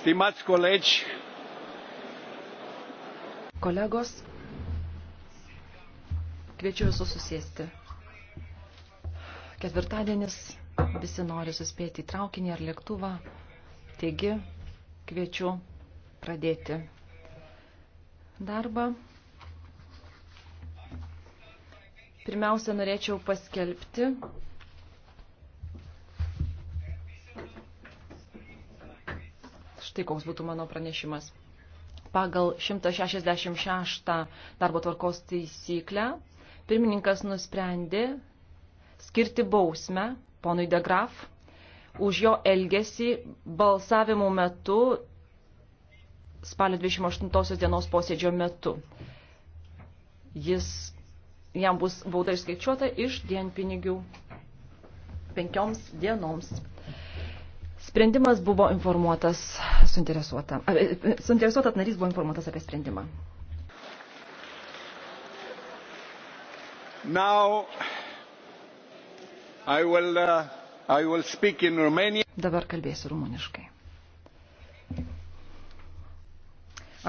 Stimați colegi, kolegos, kviečiu visus susėsti. Ketvirtadienis visi nori suspėti į traukinį ar lėktuvą, taigi kviečiu pradėti darbą. Pirmiausia, norėčiau paskelbti Štai koks būtų mano pranešimas. Pagal 166 darbo tvarkos taisyklę pirmininkas nusprendė skirti bausmę ponui Degraf už jo elgesį balsavimo metu spalio 28 dienos posėdžio metu. Jis, jam bus bauda išskaičiuota iš dienpinigių penkioms dienoms. Sprendimas buvo informuotas suinteresuota. Suinteresuotas narys buvo informuotas apie sprendimą. Now, I will, uh, I will speak in Romania. Dabar kalbėsiu rumuniškai.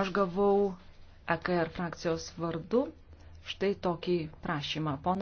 Aš gavau EKR frakcijos vardu štai tokį prašymą. Pona